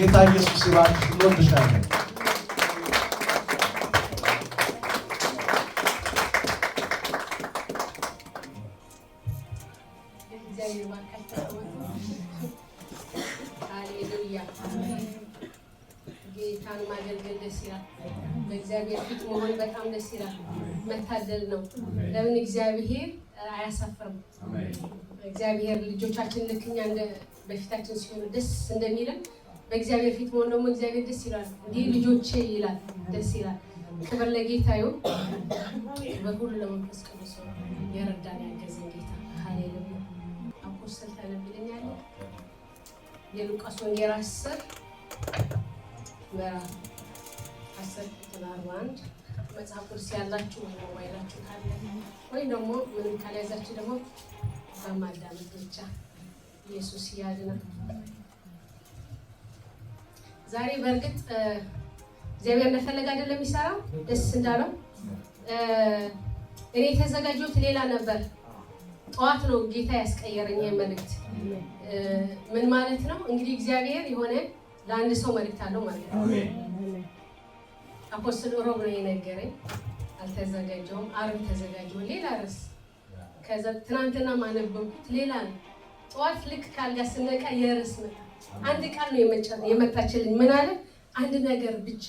ጌታ ኢየሱስ ሲባርክ እንወድሻለን። ጌታን ማገልገል ደስ ይላል። በእግዚአብሔር ፊት መሆን በጣም ደስ መታደል ነው። ለምን እግዚአብሔር አያሳፍርም። እግዚአብሔር ልጆቻችን በፊታችን ሲሆኑ ደስ እንደሚለን በእግዚአብሔር ፊት መሆን ደግሞ እግዚአብሔር ደስ ይላል። እንዲህ ልጆቼ ይላል፣ ደስ ይላል። ክብር ለጌታ ይሁን። በሁሉ ለመንፈስ ቅዱስ የረዳን ያገዘን ጌታ ሃሌሉያ። አፖስተል ታነብልኛል። የሉቃስ ወንጌል አስር ምዕራፍ አስር ቁጥር አርባ አንድ መጽሐፍ ቅዱስ ያላችሁ ሞባይላችሁ ካለ ወይም ደግሞ ምንም ካልያዛችሁ ደግሞ በማዳመጥ ብቻ ኢየሱስ ያድናል። ዛሬ በእርግጥ እግዚአብሔር እንደፈለገ አይደለም የሚሰራው፣ ደስ እንዳለው እኔ የተዘጋጀሁት ሌላ ነበር። ጠዋት ነው ጌታ ያስቀየረኝ መልእክት። ምን ማለት ነው እንግዲህ እግዚአብሔር የሆነ ለአንድ ሰው መልእክት አለው ማለት ነው። አፖስትል ሮብ ነው የነገረኝ። አልተዘጋጀውም። አርብ ተዘጋጀው ሌላ ርዕስ። ከዛ ትናንትና ማነበብኩት ሌላ ነው። ጠዋት ልክ ካልጋ ስነቃ የርዕስ መጣ አንድ ቃል ነው የመታችልኝ። ምን አለ? አንድ ነገር ብቻ።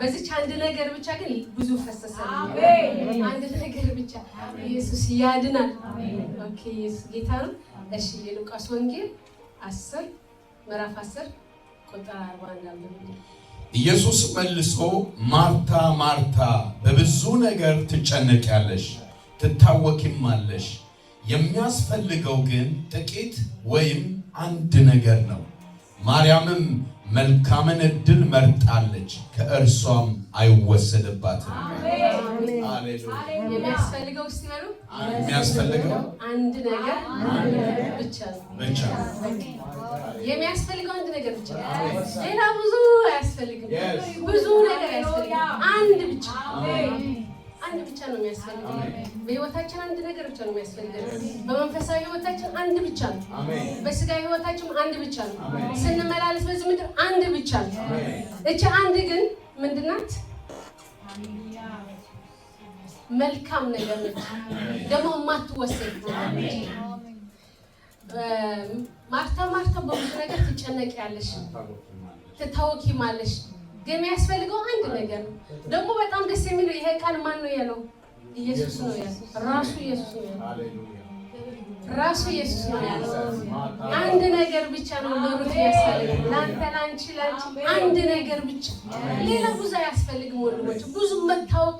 በዚች አንድ ነገር ብቻ ግን ብዙ ፈሰሰ። አንድ ነገር ብቻ ኢየሱስ ያድናል። ኦኬ ኢየሱስ ጌታ ነው። እሺ የሉቃስ ወንጌል 10 ምዕራፍ 10 ቁጥር 41 ኢየሱስ መልሶ ማርታ ማርታ በብዙ ነገር ትጨነቂያለሽ ትታወቂማለሽ፣ የሚያስፈልገው ግን ጥቂት ወይም አንድ ነገር ነው። ማርያምም መልካምን እድል መርጣለች፣ ከእርሷም አይወሰድባትም። የሚያስፈልገው አንድ ነገር ብቻ ብቻ የሚያስፈልገው አንድ ነገር ብቻ፣ ሌላ ብዙ አያስፈልግም። ብዙ ነገር ያስፈልግ አንድ ብቻ አንድ ብቻ ነው የሚያስፈልገው። በህይወታችን አንድ ነገር ብቻ ነው የሚያስፈልገው። በመንፈሳዊ ህይወታችን አንድ ብቻ ነው። በስጋ ህይወታችን አንድ ብቻ ነው። ስንመላለስ በዚህ ምድር አንድ ብቻ ነው። እቺ አንድ ግን ምንድን ናት? መልካም ነገር ነች፣ ደግሞ የማትወሰድ ማርታ ማርታ በብዙ ነገር ትጨነቂያለሽ፣ ማለሽ የሚያስፈልገው አንድ ነገር ነው። ደግሞ በጣም ደስ የሚለው ይሄ ቃል ማን ነው ያለው? ኢየሱስ ነው ያለው። ራሱ ኢየሱስ ነው ያለው። ራሱ ኢየሱስ ነው ያለው። አንድ ነገር ብቻ ነው ኖሩት ያስፈልግ ለአንተ፣ ለአንቺ፣ ለአንቺ አንድ ነገር ብቻ። ሌላ ብዙ አያስፈልግም ወንድሞች። ብዙ መታወቅ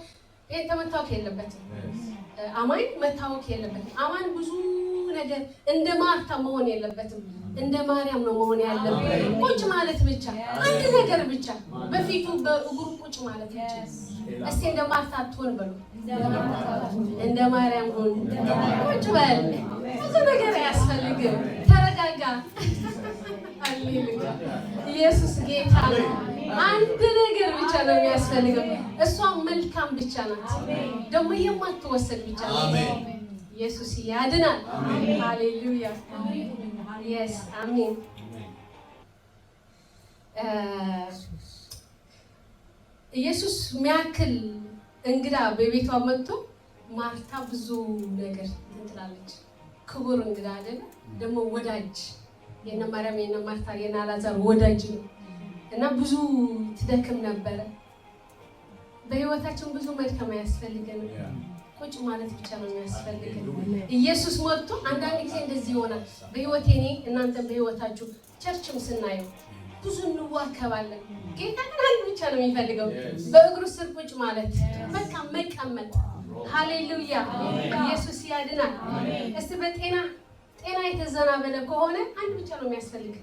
መታወቅ የለበትም። አማኝ መታወቅ የለበትም። አማኝ ብዙ ነገር እንደ ማርታ መሆን የለበትም። እንደ ማርያም ነው መሆን ያለበት። ቁጭ ማለት ብቻ አንድ ነገር ብቻ በፊቱ በእግሩ ቁጭ ማለት ብቻ። እስቲ እንደ ማርታ አትሆን በሉ፣ እንደ ማርያም ሆን ቁጭ በል። ብዙ ነገር አያስፈልግም። ተረጋጋ። ኢየሱስ ጌታ ነው። አንድ ነገር ብቻ ነው የሚያስፈልገው። እሷ መልካም ብቻ ናት፣ ደግሞ የማትወሰድ ብቻ ናት። ኢየሱስ ያድናል። ሃሌሉያ የስ አሜን። ኢየሱስ ሚያክል እንግዳ በቤቷ መጥቶ ማርታ ብዙ ነገር ትላለች። ክቡር እንግዳ አይደለ ደግሞ ወዳጅ የነ ማርያም የነ ማርታ የነ አላዛር ወዳጅ ነው እና ብዙ ትደክም ነበረ። በህይወታችን ብዙ መድከም አያስፈልገንም። ቁጭ ማለት ብቻ ነው የሚያስፈልግ። ኢየሱስ ወጥቶ አንዳንድ ጊዜ እንደዚህ ይሆናል። በህይወቴ እኔ እናንተም በህይወታችሁ ቸርችም ስናየው ብዙ እንዋከባለን። ጌታ ግን አንድ ብቻ ነው የሚፈልገው፣ በእግሩ ስር ቁጭ ማለት በቃ መቀመጥ። ሀሌሉያ ኢየሱስ ያድናል። እስቲ በጤና ጤና የተዘናበለ ከሆነ አንድ ብቻ ነው የሚያስፈልግ።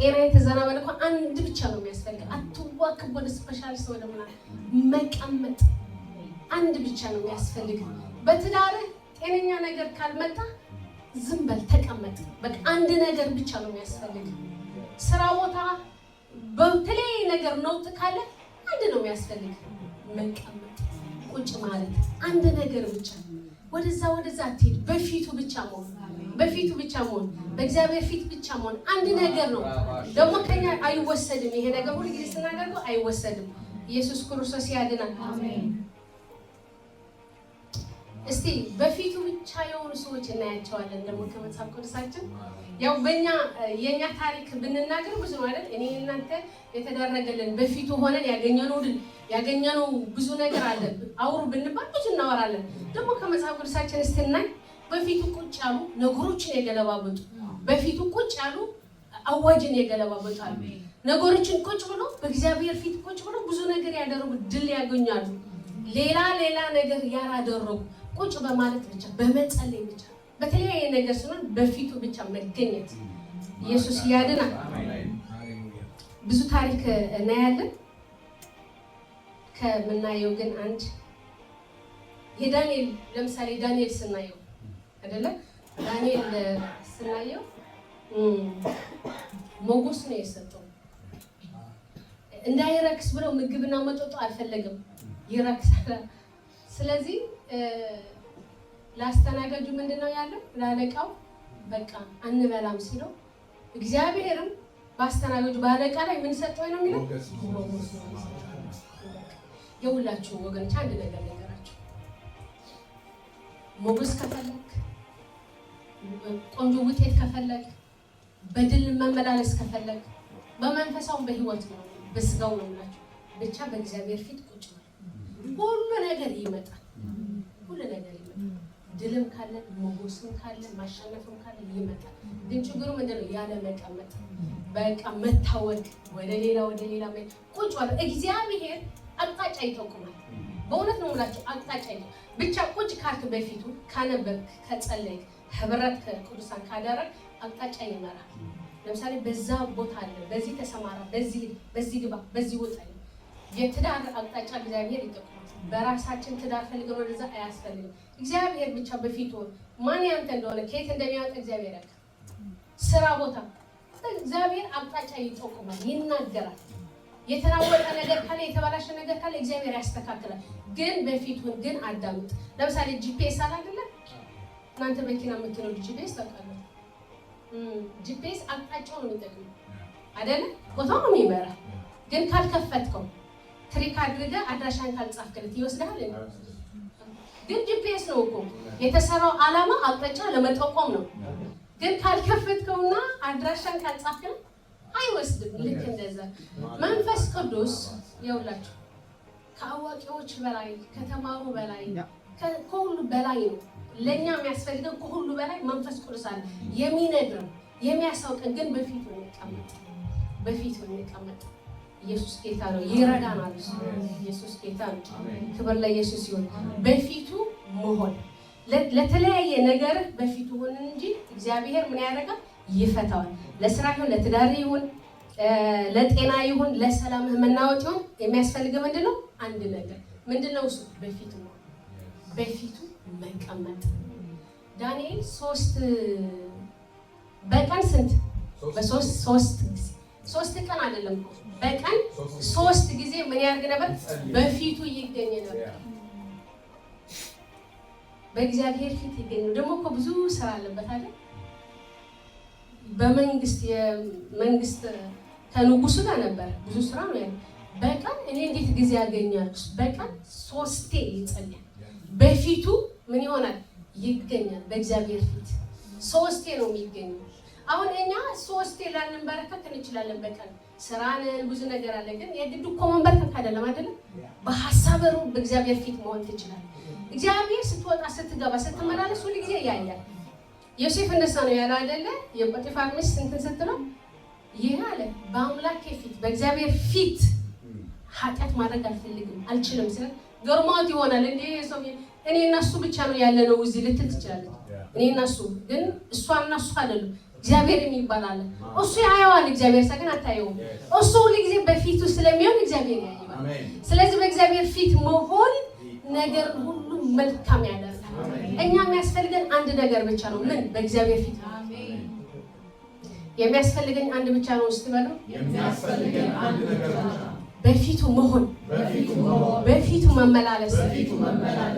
ጤና የተዘናበለ ከሆነ አንድ ብቻ ነው የሚያስፈልግ። አትዋከብ። ወደ ስፔሻሊስት ወደ ምናምን መቀመጥ አንድ ብቻ ነው የሚያስፈልግህ። በትዳርህ ጤነኛ ነገር ካልመጣ ዝም በል ተቀመጥ። በቃ አንድ ነገር ብቻ ነው የሚያስፈልግህ። ስራ ቦታ በተለያየ ነገር ነውጥ ካለ አንድ ነው የሚያስፈልግህ፣ መቀመጥ፣ ቁጭ ማለት፣ አንድ ነገር ብቻ። ወደዛ ወደዛ አትሄድ። በፊቱ ብቻ መሆን በፊቱ ብቻ መሆን በእግዚአብሔር ፊት ብቻ መሆን አንድ ነገር ነው። ደግሞ ከኛ አይወሰድም። ይሄ ነገር ሁልጊዜ ስናደርገው አይወሰድም። ኢየሱስ ክርስቶስ ያድናል። እስቲ በፊቱ ብቻ የሆኑ ሰዎች እናያቸዋለን። ደግሞ ከመጽሐፍ ቅዱሳችን ያው በእኛ የእኛ ታሪክ ብንናገር ብዙ ማለት እኔ እናንተ የተደረገልን በፊቱ ሆነን ያገኘነው ድል ያገኘነው ብዙ ነገር አለ። አውሩ ብንባል ብዙ እናወራለን። ደግሞ ከመጽሐፍ ቅዱሳችን ስትናይ በፊቱ ቁጭ ያሉ ነገሮችን የገለባበጡ በፊቱ ቁጭ ያሉ አዋጅን የገለባበጡ አሉ። ነገሮችን ቁጭ ብሎ በእግዚአብሔር ፊት ቁጭ ብሎ ብዙ ነገር ያደረጉ ድል ያገኛሉ። ሌላ ሌላ ነገር ያላደረጉ ቁጭ በማለት ብቻ በመጸለይ ብቻ በተለያየ ነገር ስለሆነ በፊቱ ብቻ መገኘት ኢየሱስ ያድናል። ብዙ ታሪክ እናያለን። ከምናየው ግን አንድ የዳንኤል ለምሳሌ ዳንኤል ስናየው አይደለ ዳንኤል ስናየው ሞገስ ነው የሰጠው። እንዳይረክስ ብለው ምግብና መጠጡ አልፈለግም። ይረክሳል ስለዚህ ላስተናጋጁ ምንድን ነው ያለው? ለአለቃው በቃ አንበላም ሲለው እግዚአብሔርም በአስተናጋጁ በአለቃ ላይ ምን ሰጠው ነው የሚለው። የሁላችሁ ወገኖች አንድ ነገር ነገራቸው። ሞገስ ከፈለግ፣ ቆንጆ ውጤት ከፈለግ፣ በድል መመላለስ ከፈለግ፣ በመንፈሳውም በህይወት ነው በስጋው ነው ብቻ በእግዚአብሔር ፊት ቁጭ ነው። ሁሉ ነገር ይመጣል። ሁሉ ነገር ይመጣል። ድልም ካለን መጎስም ካለን ማሸነፍም ካለን ይመጣል። ግን ችግሩ ምንድን ነው? ያለ መቀመጥ በቃ መታወቅ፣ ወደ ሌላ ወደ ሌላ ቁጭ አለ። እግዚአብሔር አቅጣጫ ይጠቁማል። በእውነት ነው የምላቸው አቅጣጫ ይ ብቻ ቁጭ ካልክ በፊቱ ካነበብክ፣ ከጸለይክ፣ ህብረት ከቅዱሳን ካደረግ አቅጣጫ ይመራል። ለምሳሌ በዛ ቦታ አለ፣ በዚህ ተሰማራ፣ በዚህ ግባ፣ በዚህ ወጣ። የትዳር አቅጣጫ እግዚአብሔር ይጠቁማል። በራሳችን ትዳር ፈልገን ወደዛ አያስፈልግም። እግዚአብሔር ብቻ በፊቱ ማን ያንተ እንደሆነ ከየት እንደሚያወጣ እግዚአብሔር ያውቃል። ስራ ቦታ እግዚአብሔር አቅጣጫ ይጠቁማል፣ ይናገራል። የተናወጠ ነገር ካለ የተበላሸ ነገር ካለ እግዚአብሔር ያስተካክላል። ግን በፊቱን ግን አዳምጥ። ለምሳሌ ጂፒኤስ አለ አይደለ? እናንተ መኪና የምትነዱ ጂፒኤስ ታውቃለ። ጂፒኤስ አቅጣጫው ነው የሚጠቅመው አይደለ? ቦታው ነው የሚመራ። ግን ካልከፈትከው ትሪክ አድርገ አድራሻን ካልጻፍክለት ይወስዳል። ግን ጂፒኤስ ነው እኮ የተሰራው ዓላማ አቅጣጫ ለመጠቆም ነው። ግን ካልከፈትከውና አድራሻን ካልጻፍክለት አይወስድም። ልክ እንደዛ መንፈስ ቅዱስ የውላቸው ከአዋቂዎች በላይ ከተማሩ በላይ ከሁሉ በላይ ነው። ለእኛ የሚያስፈልገን ከሁሉ በላይ መንፈስ ቅዱስ አለ። የሚነግረን የሚያሳውቀን ግን በፊቱ እንቀመጥ በፊቱ እንቀመጥ ኢየሱስ ጌታ ነው፣ ይረዳናል። ኢየሱስ ጌታ ነው። ክብር ለኢየሱስ ይሁን። በፊቱ መሆን ለተለያየ ነገር በፊቱ ሆን እንጂ እግዚአብሔር ምን ያደርጋል? ይፈታዋል። ለስራ ይሁን፣ ለትዳር ይሁን፣ ለጤና ይሁን፣ ለሰላም መናወጥ ይሁን የሚያስፈልገው ምንድን ነው? አንድ ነገር ምንድን ነው እሱ? በፊቱ በፊቱ መቀመጥ። ዳንኤል ሶስት በቀን ስንት በሶስት ሶስት ጊዜ ሶስት ቀን አይደለም በቀን ሶስት ጊዜ ምን ያደርግ ነበር? በፊቱ ይገኝ ነበር፣ በእግዚአብሔር ፊት ይገኝ ነው። ደግሞ እኮ ብዙ ስራ አለበት አይደል? በመንግስት የመንግስት ከንጉሱ ጋር ነበር ብዙ ስራ ነው ያለ። በቀን እኔ እንዴት ጊዜ ያገኛሉ? በቀን ሶስቴ ይጸልያል። በፊቱ ምን ይሆናል? ይገኛል። በእግዚአብሔር ፊት ሶስቴ ነው የሚገኘው። አሁን እኛ ሶስት ላንበረከት እንችላለን። በቀን ስራን ብዙ ነገር አለ። ግን የግድ እኮ መንበርከት አይደለም አይደለም። በሀሳብ ሩ በእግዚአብሔር ፊት መሆን ትችላል። እግዚአብሔር ስትወጣ፣ ስትገባ፣ ስትመላለስ ሁሉ ጊዜ ያያል። ዮሴፍ እንደዛ ነው ያለው አይደለ? የጶጢፋር ሚስት እንትን ስትለው ይህ አለ በአምላኬ ፊት በእግዚአብሔር ፊት ኃጢአት ማድረግ አልፈልግም አልችልም። ስለ ገርማት ይሆናል እንዲ ሰው እኔ እና እሱ ብቻ ነው ያለ ነው እዚህ ልትል ትችላለች። እኔ እና እሱ ግን እሷ እና እሱ አይደሉም እግዚአብሔር የሚባል አለ። እሱ ያየዋል። እግዚአብሔር ሰከን አታየውም። እሱ ሁሉ ጊዜ በፊቱ ስለሚሆን እግዚአብሔር ያየዋል። ስለዚህ በእግዚአብሔር ፊት መሆን ነገር ሁሉ መልካም ያደርጋል። እኛ የሚያስፈልገን አንድ ነገር ብቻ ነው። ምን? በእግዚአብሔር ፊት የሚያስፈልገኝ አንድ ብቻ ነው። እስቲ በሉ በፊቱ መሆን፣ በፊቱ መመላለስ።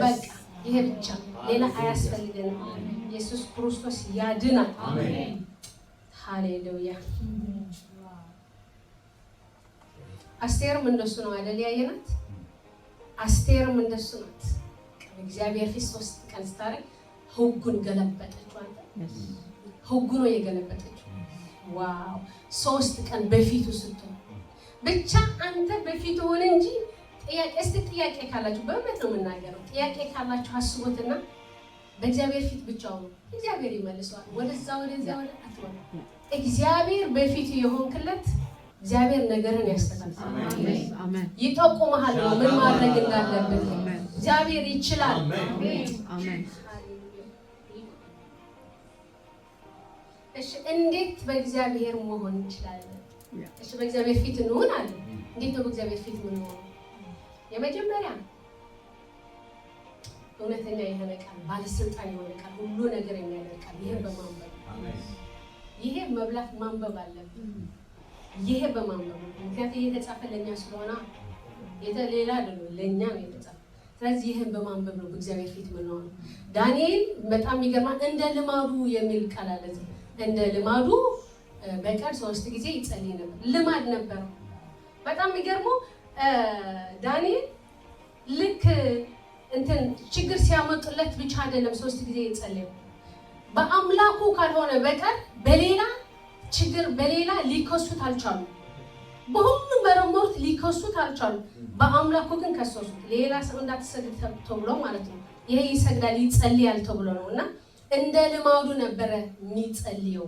በቃ ይሄ ብቻ፣ ሌላ አያስፈልገንም። ኢየሱስ ክርስቶስ ያድናል። አሜን። ሀሌሉያ አስቴርም እንደሱ ነው አይደል? ያየናት አስቴርም እንደሱ ናት። እግዚአብሔር ፊት ሶስት ቀን ስታረግ ህጉን ገለበጠችው። ህጉ ነው የገለበጠችው። ዋው! ሶስት ቀን በፊቱ ስትሆን ብቻ አንተ በፊቱ ሆነ እንጂ ጥያቄ እስቲ ጥያቄ ካላችሁ በእውነት ነው የምናገረው። ጥያቄ ካላችሁ አስቡትና በእግዚአብሔር ፊት ብቻውን እግዚአብሔር ይመልሰዋል። ወደዛ ወደዚያ ወደ አትወ እግዚአብሔር በፊት የሆንክለት እግዚአብሔር ነገርን ያስተካክላል፣ ይጠቁመሃል ምን ማድረግ እንዳለብን። እግዚአብሔር ይችላል። እሺ እንዴት በእግዚአብሔር መሆን እንችላለን? እሺ በእግዚአብሔር ፊት እንሆን አለ። እንዴት ነው በእግዚአብሔር ፊት ምን ሆነ? የመጀመሪያ እውነተኛ የሆነ ቃል፣ ባለስልጣን የሆነ ቃል፣ ሁሉ ነገር የሚያደርግ ቃል ይሄን በማንበብ ይሄ መብላት ማንበብ አለብን። ይሄ በማንበብ ምክንያቱም የተጻፈ ለእኛ ስለሆነ የተሌላ አይደለም፣ ለእኛ ነው የተጻፈ። ስለዚህ ይህን በማንበብ ነው በእግዚአብሔር ፊት የምንሆነው። ዳንኤል በጣም የሚገርማ እንደ ልማዱ የሚል ቃል አለ። እንደ ልማዱ በቀን ሶስት ጊዜ ይጸልይ ነበር። ልማድ ነበረው። በጣም የሚገርመው ዳንኤል ልክ እንትን ችግር ሲያመጡለት ብቻ አይደለም ሶስት ጊዜ ይጸልያል በአምላኩ ካልሆነ በቀር በሌላ ችግር በሌላ ሊከሱት አልቻሉ። በሁሉም በረሞርት ሊከሱት አልቻሉ። በአምላኩ ግን ከሰሱት። ሌላ ሰው እንዳትሰግድ ተብሎ ማለት ነው። ይሄ ይሰግዳል ይጸልያል ተብሎ ነው እና እንደ ልማዱ ነበረ የሚጸልየው።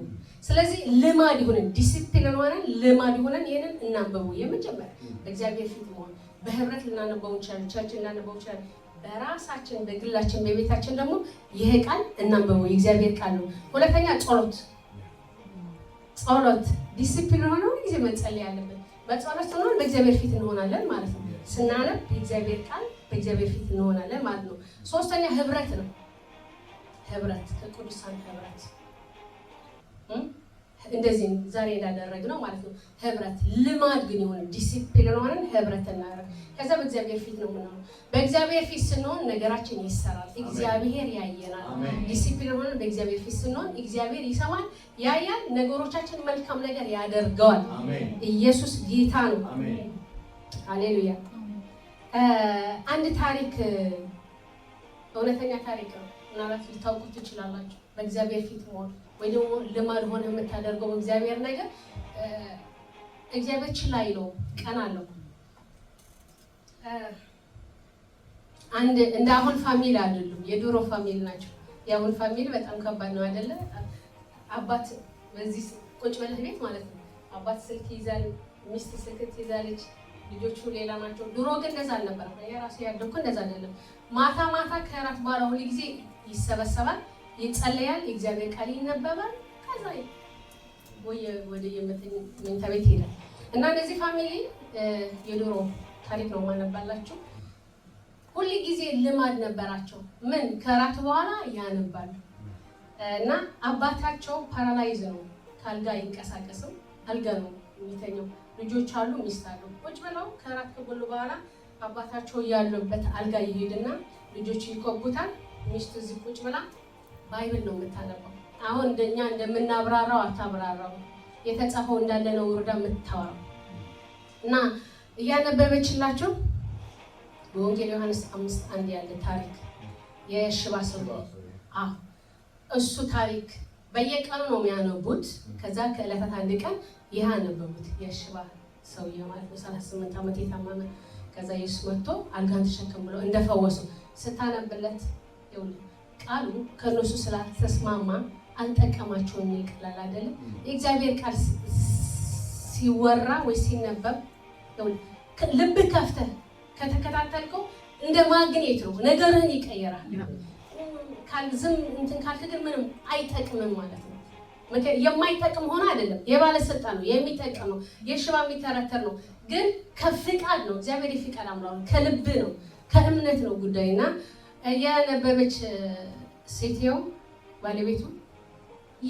ስለዚህ ልማድ ይሁንን፣ ዲሲፕሊን ሆነን ልማድ ይሆነን ይህንን እናንበቡ። የመጀመሪያ በእግዚአብሔር ፊት መሆን በህብረት ልናነበው እንችላለን፣ ቸርች ልናነበው እንችላለን። በራሳችን በግላችን በቤታችን ደግሞ ይሄ ቃል እናንበበው የእግዚአብሔር ቃል ነው። ሁለተኛ ጸሎት፣ ጸሎት ዲስፕሊን ሆነ ጊዜ መጸለይ ያለብን በጸሎት ሆነ በእግዚአብሔር ፊት እንሆናለን ማለት ነው። ስናነብ የእግዚአብሔር ቃል በእግዚአብሔር ፊት እንሆናለን ማለት ነው። ሶስተኛ ህብረት ነው። ህብረት ከቅዱሳን ህብረት እንደዚህ ዛሬ እንዳደረግ ነው ማለት ነው። ህብረት ልማድ ግን የሆነ ዲሲፕሊን ሆነን ህብረት እናደርግ። ከዛ በእግዚአብሔር ፊት ነው ምናምን በእግዚአብሔር ፊት ስንሆን ነገራችን ይሰራል። እግዚአብሔር ያየናል። ዲሲፕሊን ሆነን በእግዚአብሔር ፊት ስንሆን እግዚአብሔር ይሰማል፣ ያያል፣ ነገሮቻችን መልካም ነገር ያደርገዋል። ኢየሱስ ጌታ ነው። አሌሉያ። አንድ ታሪክ፣ እውነተኛ ታሪክ ነው። ምናልባት ልታውቁት ትችላላችሁ። በእግዚአብሔር ፊት መሆን ወይ ደግሞ ልማድ ሆነ የምታደርገው በእግዚአብሔር ነገር እግዚአብሔር ችላ ይለው ቀን አለው። አንድ እንደ አሁን ፋሚሊ አይደሉም፣ የድሮ ፋሚሊ ናቸው። የአሁን ፋሚሊ በጣም ከባድ ነው አይደለ? አባት በዚህ ቁጭ ብለህ ቤት ማለት ነው አባት ስልክ ይዛል፣ ሚስት ስልክ ትይዛለች፣ ልጆቹ ሌላ ናቸው። ድሮ ግን እንደዛ አልነበረም። የራሱ ያደኩ እንደዛ አይደለም። ማታ ማታ ከራት በኋላ ሁሉ ጊዜ ይሰበሰባል ይጸለያል፣ የእግዚአብሔር ቃል ይነበባል። ከዛ ወየ ወደ የመኝታ ቤት ሄዳል እና እነዚህ ፋሚሊ የድሮ ታሪክ ነው ማነባላችሁ። ሁል ጊዜ ልማድ ነበራቸው። ምን ከራት በኋላ ያነባሉ እና አባታቸው ፓራላይዝ ነው፣ ከአልጋ አይንቀሳቀስም። አልጋ ነው የሚተኘው። ልጆች አሉ፣ ሚስት አሉ። ቁጭ ብለው ከራት ከበሉ በኋላ አባታቸው ያሉበት አልጋ ይሄድና ልጆች ይቆቡታል። ሚስት እዚህ ቁጭ ብላ ባይብል ነው የምታነባው። አሁን እንደኛ እንደምናብራራው አታብራራው፣ የተጻፈው እንዳለ ነው ወርዳ የምታወራው። እና እያነበበችላቸው በወንጌል ዮሐንስ አምስት አንድ ያለ ታሪክ የሽባ ሰው እሱ ታሪክ በየቀኑ ነው የሚያነቡት። ከዛ ከዕለታት አንድ ቀን ይህ አነበቡት። የሽባ ሰው ማለት ነው ሰላሳ ስምንት ዓመት የታመመ ከዛ ኢየሱስ መጥቶ አልጋን ተሸከም ብለው እንደፈወሱ ስታነብለት ይውል ቃሉ ከእነሱ ስላልተስማማ አልጠቀማቸውም። ይቀላል አይደለም? የእግዚአብሔር ቃል ሲወራ ወይ ሲነበብ ልብ ከፍተህ ከተከታተልከው እንደ ማግኔት ነው፣ ነገርህን ይቀይራል። ዝም እንትን ካልክ ግን ምንም አይጠቅምም ማለት ነው። የማይጠቅም ሆነ አይደለም፣ የባለስልጣን ነው የሚጠቅም ነው፣ የሽባ የሚተረተር ነው። ግን ከፍቃድ ነው። እግዚአብሔር የፍቃድ አምራ ከልብ ነው፣ ከእምነት ነው ጉዳይ እና የነበበች ሴትየው ባለቤቱ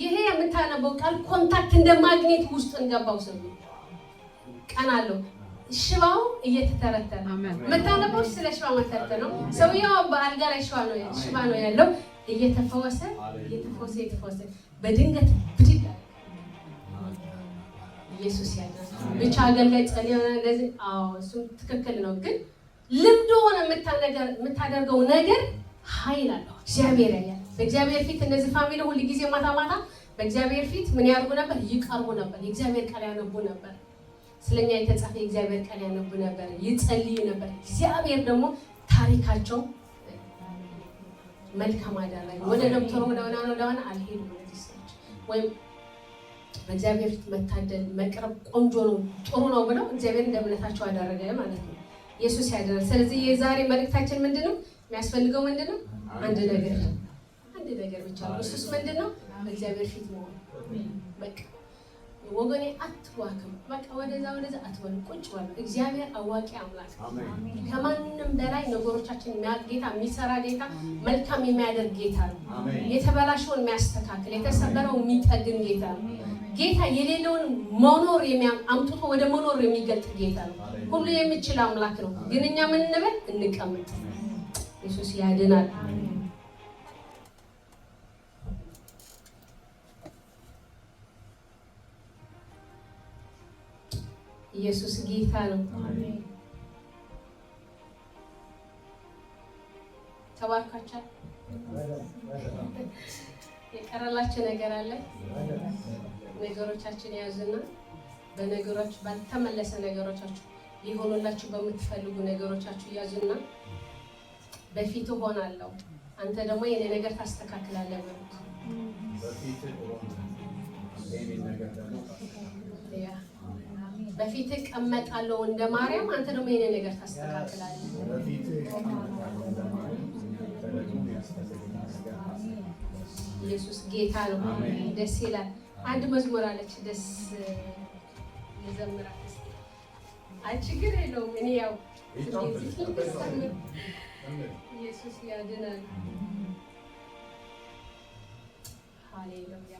ይሄ የምታነበው ቃል ኮንታክት እንደ ማግኔት ውስጥ እንገባው። ሰው ቀን አለው ሽባው እየተተረተረ የምታነበው ስለ ሽባ መተረተረ ነው። ሰውየው በአልጋ ላይ ሽባ ነው ሽባ ነው ያለው እየተፈወሰ እየተፈወሰ እየተፈወሰ በድንገት ብድግ ኢየሱስ ያድናል። ብቻ አገልጋይ ጸል የሆነ እንደዚህ እሱ ትክክል ነው፣ ግን ልምድ ሆነ የምታደርገው ነገር ኃይል አለው እግዚአብሔር ያያል። በእግዚአብሔር ፊት እነዚህ ፋሚሊ ሁል ጊዜ ማታ ማታ በእግዚአብሔር ፊት ምን ያርጉ ነበር? ይቀርቡ ነበር። የእግዚአብሔር ቃል ያነቡ ነበር። ስለኛ የተጻፈ የእግዚአብሔር ቃል ያነቡ ነበር፣ ይጸልዩ ነበር። እግዚአብሔር ደግሞ ታሪካቸው መልካም አደረገ። ወደ ዶክተር ወደ ወደሆነ አልሄዱም ወይም በእግዚአብሔር ፊት መታደል መቅረብ ቆንጆ ነው ጥሩ ነው ብለው እግዚአብሔር እንደ እምነታቸው አደረገ ማለት ነው። ኢየሱስ ያደረገ። ስለዚህ የዛሬ መልእክታችን ምንድን ነው? የሚያስፈልገው ምንድን ነው? አንድ ነገር ነው። አንድ ነገር ብቻ ነው። እሱስ ምንድን ነው? በእግዚአብሔር ፊት መሆን። በቃ ወገኔ አትዋክም። በቃ ወደዛ ወደዛ አትበሉ፣ ቁጭ በሉ። እግዚአብሔር አዋቂ አምላክ፣ ከማንም በላይ ነገሮቻችን የሚያውቅ ጌታ፣ የሚሰራ ጌታ፣ መልካም የሚያደርግ ጌታ ነው። የተበላሸውን የሚያስተካክል፣ የተሰበረው የሚጠግን ጌታ ነው። ጌታ የሌለውን መኖር አምጥቶ ወደ መኖር የሚገልጥ ጌታ ነው። ሁሉ የሚችል አምላክ ነው። ግን እኛ ምን እንበል? እንቀምጥ ኢየሱስ ያድናል። ኢየሱስ ጌታ ነው። ተባርካቻል። የቀረላችሁ ነገር አለ? ነገሮቻችን የያዝና በነገሮች ባልተመለሰ ነገሮቻችሁ ሊሆኑላችሁ በምትፈልጉ ነገሮቻችሁ ያዙና በፊት እሆናለሁ፣ አንተ ደግሞ የኔ ነገር ታስተካክላለህ በሉት። በፊት እቀመጣለሁ እንደ ማርያም፣ አንተ ደግሞ የኔ ነገር ታስተካክላለህ። ኢየሱስ ጌታ ነው። ደስ ይላል። አንድ መዝሙር አለች ደስ የዘምራት አችግር የለውም እኔ ያው ኢየሱስ ያድናል። ሃሌሉያ።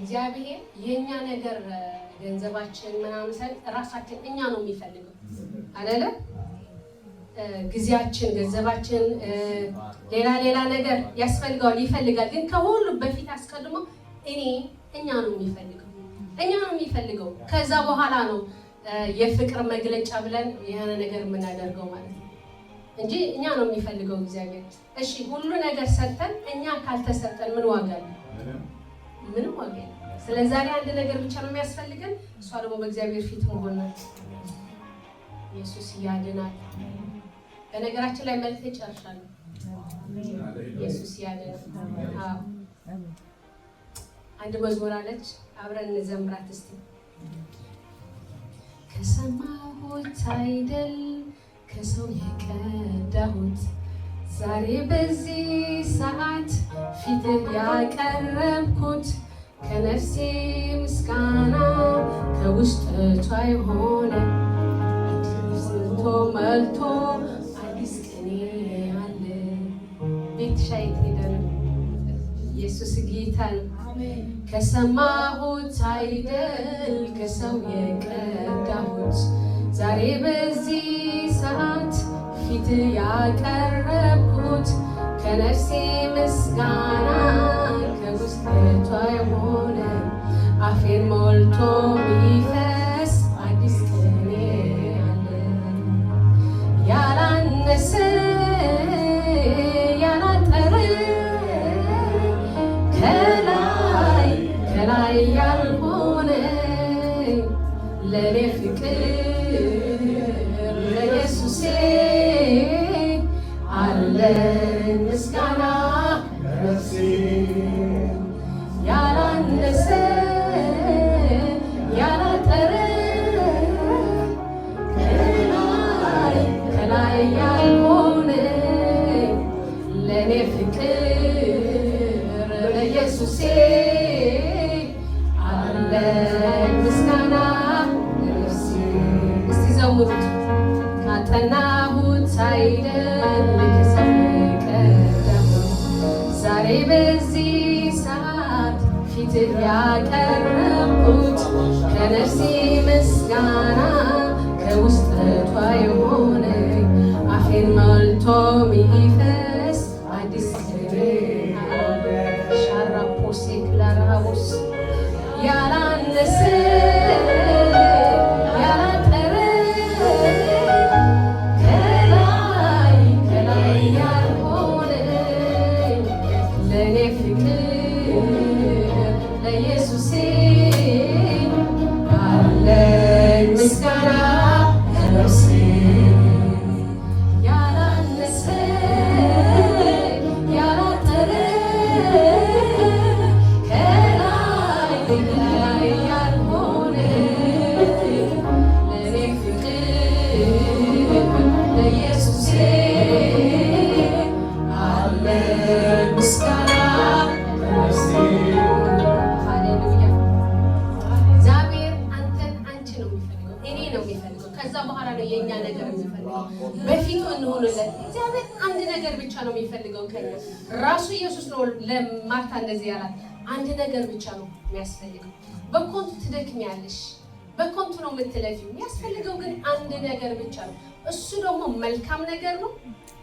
እግዚአብሔር የእኛ ነገር ገንዘባችን ምናምን ሰ ራሳችን እኛ ነው የሚፈልገው አለለ ጊዜያችን፣ ገንዘባችን፣ ሌላ ሌላ ነገር ያስፈልገዋል ይፈልጋል። ግን ከሁሉ በፊት አስቀድሞ እኔ እኛ ነው የሚፈልገው እኛ ነው የሚፈልገው። ከዛ በኋላ ነው የፍቅር መግለጫ ብለን የሆነ ነገር የምናደርገው ማለት ነው። እንጂ እኛ ነው የሚፈልገው እግዚአብሔር። እሺ ሁሉ ነገር ሰጠን፣ እኛ ካልተሰጠን ምን ዋጋ ነው? ምንም ዋጋ ነው። ዛሬ አንድ ነገር ብቻ ነው የሚያስፈልገን፣ እሷ ደግሞ በእግዚአብሔር ፊት መሆን ኢየሱስ ያድናል። በነገራችን ላይ መልእክት ይጨርሻል። ኢየሱስ ያድናል። አንድ መዝሙር አለች፣ አብረን እንዘምራት እስቲ ከሰማሁት አይደል ከሰው የቀዳሁት ዛሬ በዚህ ሰዓት ፊትህ ያቀረብኩት ከነፍሴ ምስጋና ከውስጠቷ የሆነ አድስቶ መልቶ አዲስ ቅኔ አለ ቤት ሄደን ኢየሱስ ጌታን ከሰማሁት አይደል ከሰው የቀዳሁት ዛሬ በዚህ ሰዓት ፊት ያቀረብኩት ከነፍሴ ምስጋና ከውስጤቷ የሆነ አፌን ሞልቶ house. Yeah, and the same. በፊቱ እንሆንለት። እግዚአብሔር አንድ ነገር ብቻ ነው የሚፈልገው ከኛ። ራሱ ኢየሱስ ነው ለማርታ እንደዚህ ያላት፣ አንድ ነገር ብቻ ነው የሚያስፈልገው። በኮንቱ ትደክሚያለሽ፣ በኮንቱ ነው የምትለፊ። የሚያስፈልገው ግን አንድ ነገር ብቻ ነው። እሱ ደግሞ መልካም ነገር ነው፣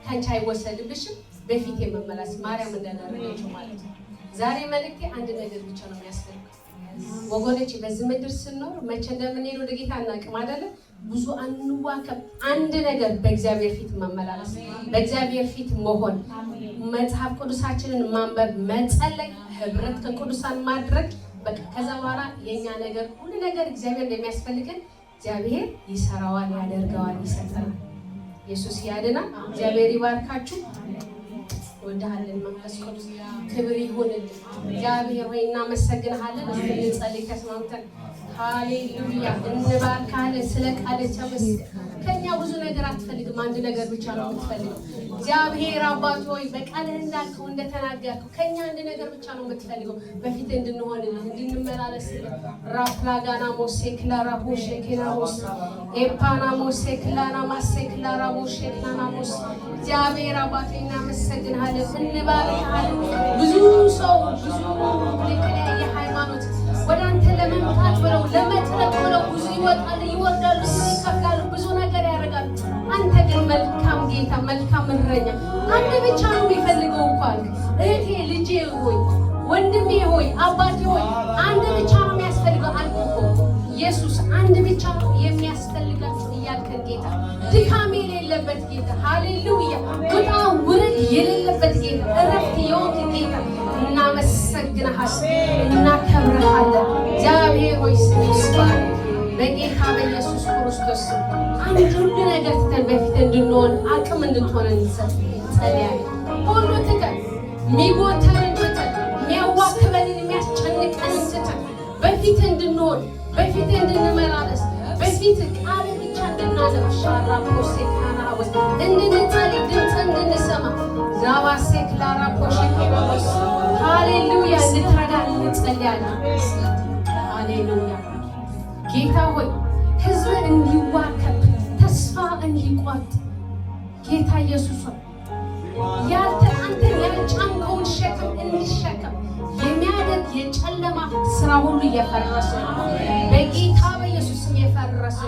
ከንቺ አይወሰድብሽም። በፊት የመመላስ ማርያም እንዳናረገችው ማለት ነው። ዛሬ መልእክቴ አንድ ነገር ብቻ ነው የሚያስፈልገው ወገኖች። በዚህ ምድር ስንኖር መቼ እንደምንሄድ ወደ ጌታ እናቅም አይደለም ብዙ አንዋከብ። አንድ ነገር በእግዚአብሔር ፊት መመላለስ፣ በእግዚአብሔር ፊት መሆን፣ መጽሐፍ ቅዱሳችንን ማንበብ፣ መጸለይ፣ ህብረት ከቅዱሳን ማድረግ። ከዛ በኋላ የእኛ ነገር ሁሉ ነገር እግዚአብሔር እንደሚያስፈልገን እግዚአብሔር ይሰራዋል፣ ያደርገዋል፣ ይሰጠናል። ኢየሱስ ያድናል። እግዚአብሔር ይባርካችሁ። እንወድሃለን። መንፈስ ቅዱስ ክብር ይሁንልን። እግዚአብሔር ሆይ እናመሰግንሃለን። እስቲ እንጸልይ ተስማምተን። ሃሌሉያ እንባርካለን። ስለ ቃለ ተመስገን ከኛ ብዙ ነገር አትፈልግም። አንድ ነገር ብቻ ነው የምትፈልገው። እግዚአብሔር አባት ሆይ በቃልህ እንዳልከው እንደተናገርከው ከኛ አንድ ነገር ብቻ ነው የምትፈልገው፣ በፊት እንድንሆንልህ እንድንመላለስ። ራፕላጋና ሞሴ ክላራ ቦሼ ክላሮስ ኤፓና ሞሴ ክላና ማሴ ክላራ ቦሼ ክላና ሞስ እግዚአብሔር አባት እናመሰግንሃለን፣ እንባርካለን። ብዙ ሰው ብዙ የተለያየ ሃይማኖት ወደ አንተ ለመምጣት ብለው ለመጥረቅ ብለው ብዙ ይወጣል ይወርዳሉ። ጌታ መልካም እረኛ አንድ ብቻ ነው የሚፈልገው እንኳን አልክ። እህቴ ልጄ ሆይ ወንድሜ ሆይ አባቴ ሆይ አንድ ብቻ ነው የሚያስፈልገው አልኩ እኮ ኢየሱስ አንድ ብቻ ነው የሚያስፈልገው እያልክ ጌታ ድካም የሌለበት ጌታ ሃሌሉያ ወጣ ውረድ የሌለበት ጌታ እረፍት የወት ጌታ እናመሰግንሃስ እናከብረሃለን። እግዚአብሔር ሆይ ስባ በጌታ በኢየሱስ ክርስቶስ አንድ ሁሉ ነገር ትተን በፊት እንድንሆን አቅም እንድትሆን እንሰጥ ጸልያለሁ። ሁሉ ትተን የሚጎተንን ትተን የሚያዋክበንን የሚያስጨንቀንን ትተን በፊት እንድንሆን በፊት እንድንመላለስ በፊት ቃል ብቻ ድምፅ እንድንሰማ ሃሌሉያ እንጸልያለን። ሃሌሉያ ሲቆጥ ጌታ ኢየሱስ ያልተ አንተን ያልጫንከውን ሸክም እንዲሸከም የሚያደርግ የጨለማ ስራ ሁሉ እየፈረሰ በጌታ በኢየሱስም የፈረሰ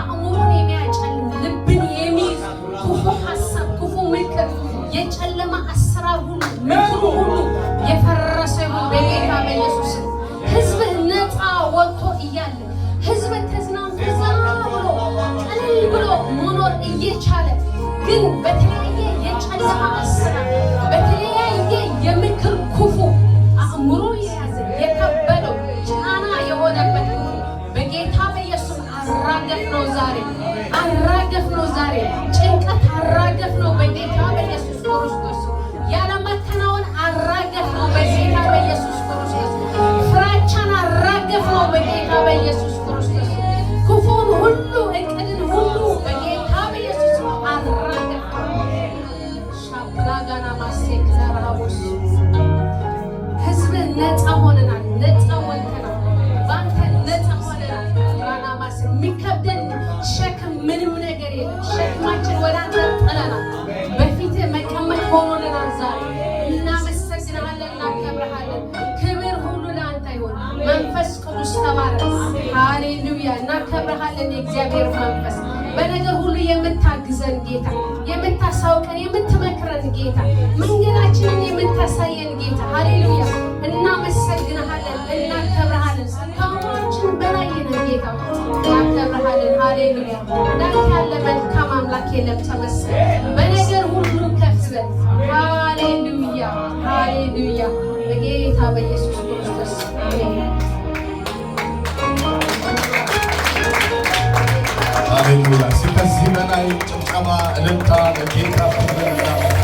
አእምሮን የሚያጨልም ልብን የሚይዝ ክፉ ሀሳብ፣ ክፉ ምክር፣ የጨለማ አሰራር ሁሉ ምክሩ ሁሉ የፈረሰ ይሁን በጌታ በኢየሱስ ህዝብ ነፃ ወጥቶ እያለ ህዝብህ እየቻለ ግን በተለያየ የጨለማ አሰራር በተለያየ ሃሌሉያ። እናከብርሃለን የእግዚአብሔር መንፈስ በነገር ሁሉ የምታግዘን ጌታ፣ የምታሳውቀን፣ የምትመክረን ጌታ፣ መንገዳችንን የምታሳየን ጌታ ሃሌሉያ። እናመሰግንሃለን፣ እናከብርሃለን። ከሁላችን በላይ ነህ ጌታ፣ እናከብርሃለን። ሃሌሉያ። እንዳንተ ያለ መልካም አምላክ የለም። ተመስገን። በነገር ሁሉ ከፍ ሃሌሉያ፣ ሃሌሉያ። በጌታ በኢየሱስ ክርስቶስ አሜን። ሃሌሉያ! ሲፈስ ሲመና ጭብጨባ እልልታ ለጌታ